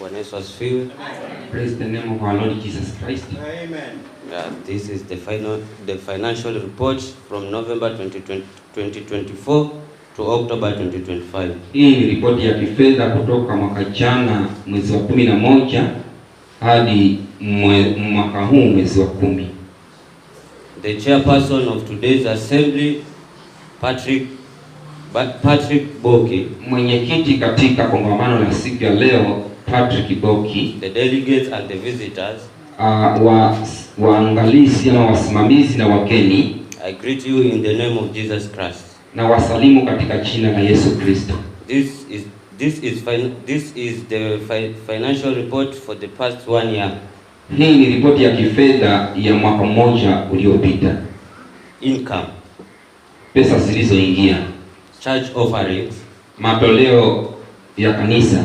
Bwana Yesu asifiwe. Praise the name of our Lord Jesus Christ. Amen. Yeah, uh, this is the final the financial report from November 2020, 2024 to October 2025. Hii ni ripoti ya kifedha kutoka mwaka jana mwezi wa 11 hadi mwaka huu mwezi wa kumi. The chairperson of today's assembly Patrick Patrick Boki, mwenyekiti katika kongamano la siku ya leo Patrick Boki, the delegates and the visitors, uh, wa, waangalizi ama wasimamizi na wageni, I greet you in the name of Jesus Christ, na wasalimu katika jina la Yesu Kristo. This is this is fin this is the fi financial report for the past one year. Hii ni ripoti ya kifedha ya mwaka mmoja uliopita. Income, pesa zilizoingia. Church offerings, matoleo ya kanisa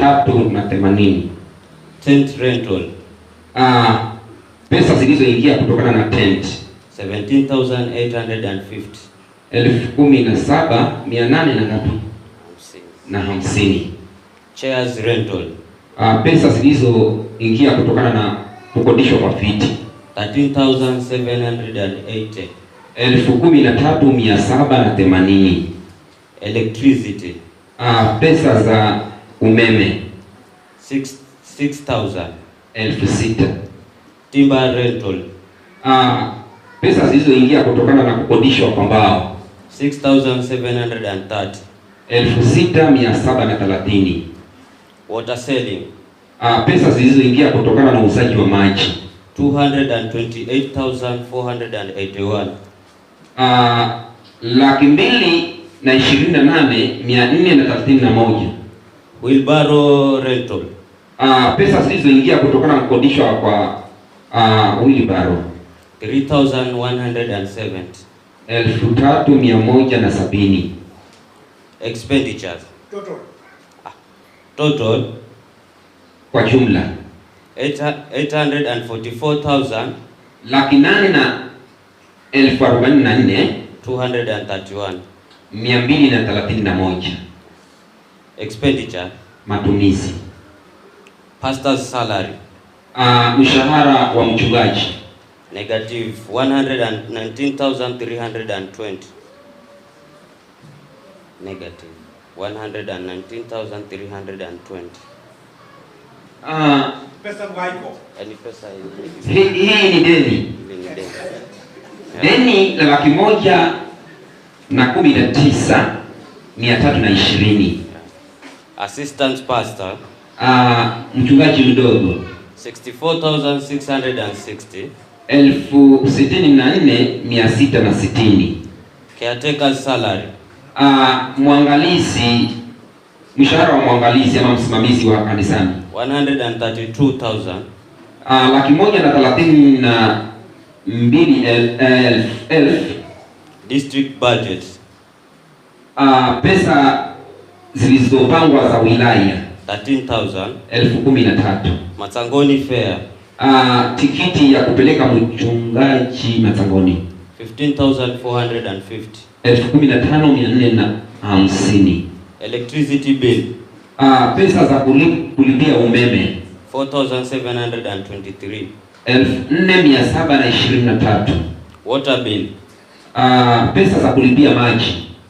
tatu na themanini tent rental. Uh, pesa zilizoingia kutokana na tent 17850 elfu kumi na saba mia nane na ngapi na hamsini. Chairs rental. Uh, pesa zilizoingia kutokana na kukodishwa kwa viti 13780 elfu kumi na tatu mia saba na themanini. Electricity. Uh, pesa za umeme 6000 elfu sita timber rental ah, pesa zilizoingia kutokana na kukodishwa kwa mbao 6730 elfu sita mia saba na thelathini water selling ah, pesa zilizoingia kutokana na uuzaji wa maji 228481 ah, laki mbili na ishirini na nane mia nne na thelathini na moja wheelbarrow Rental. Uh, pesa zilizoingia kutokana na kukodishwa kwa uh, wheelbarrow 3170. 3170. Expenditures. Total. Ah, total kwa jumla 844,000 laki nane na elfu arobaini na nne 231 mia mbili na thelathini na moja expenditure matumizi, pastor's salary uh, mshahara wa mchungaji negative 119320 negative 119320 uh, ah, pesa mwaiko yani pesa hii hii ni deni deni la laki moja na kumi na tisa mia tatu na ishirini assistant pastor, uh, mchungaji mdogo 64660 elfu sitini na nne mia sita na sitini caretaker salary uh, mwangalizi mshahara wa mwangalizi ama msimamizi wa kanisani 132000 uh, ah, laki moja na thelathini na mbili elfu elf, district budget uh, pesa zilizopangwa za wilaya 13,000 elfu kumi na tatu Matangoni fare uh, ah, tikiti ya kupeleka mchungaji Matangoni 15,450 elfu kumi na tano mia nne na hamsini electricity bill uh, pesa za kulipia umeme 4,723 elfu nne mia saba na ishirini na tatu water bill uh, pesa za kulipia maji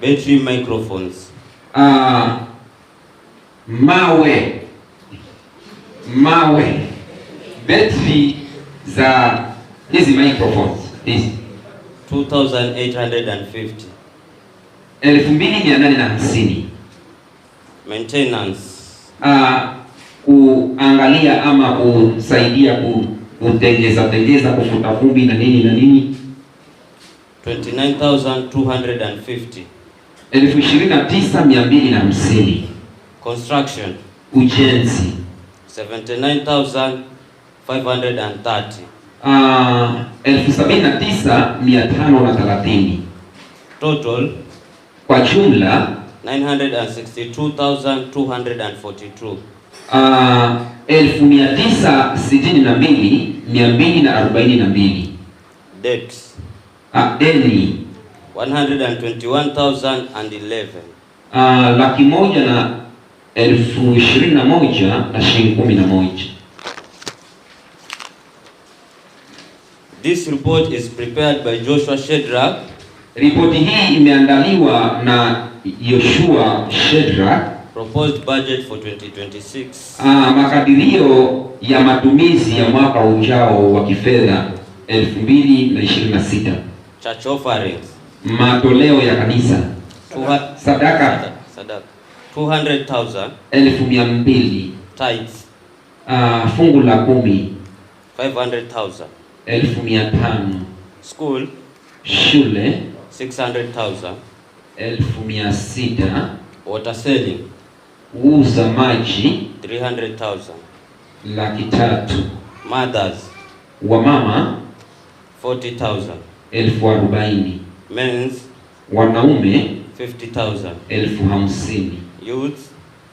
Battery microphones. Uh, mawe mawe, betri za hizi microphones hizi 2850 na 2850. Maintenance. Uh, kuangalia ama kusaidia kutengeza tengeza kufuta vumbi na nini na nini 29250 elfu ishirini na tisa mia mbili na hamsini. Construction ujenzi 79530 uh, ah, elfu sabini na tisa mia tano na thelathini. Total kwa jumla 962,242 uh, ah, elfu mia tisa sitini na mbili mia mbili na arobaini na mbili. uh, deni 121,011 uh, ah, laki moja na elfu ishirini na moja na shilingi kumi na moja. This report is prepared by Joshua Shedrack. Ripoti hii imeandaliwa na Joshua Shedrack. Proposed budget for 2026. Ah, makadirio ya matumizi ya mwaka ujao wa kifedha 2026. Church offerings matoleo ya kanisa sadaka, 200,000 elfu mia mbili tithes, uh, fungu la kumi 500,000 elfu mia tano school shule 600,000 elfu mia sita water selling uza maji 300,000 laki tatu mothers wa mama 40,000 elfu arobaini men's wanaume 50000 elfu hamsini youth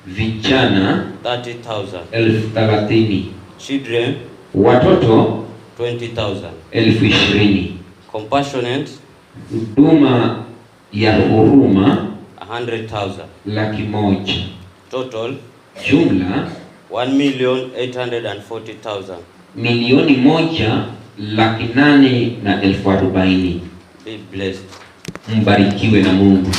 vijana 30000 elfu thelathini children watoto 20000 elfu ishirini compassionate huduma ya huruma 100000 laki moja total jumla 1,840,000 milioni moja laki nane na elfu arobaini Be blessed. Mbarikiwe na Mungu.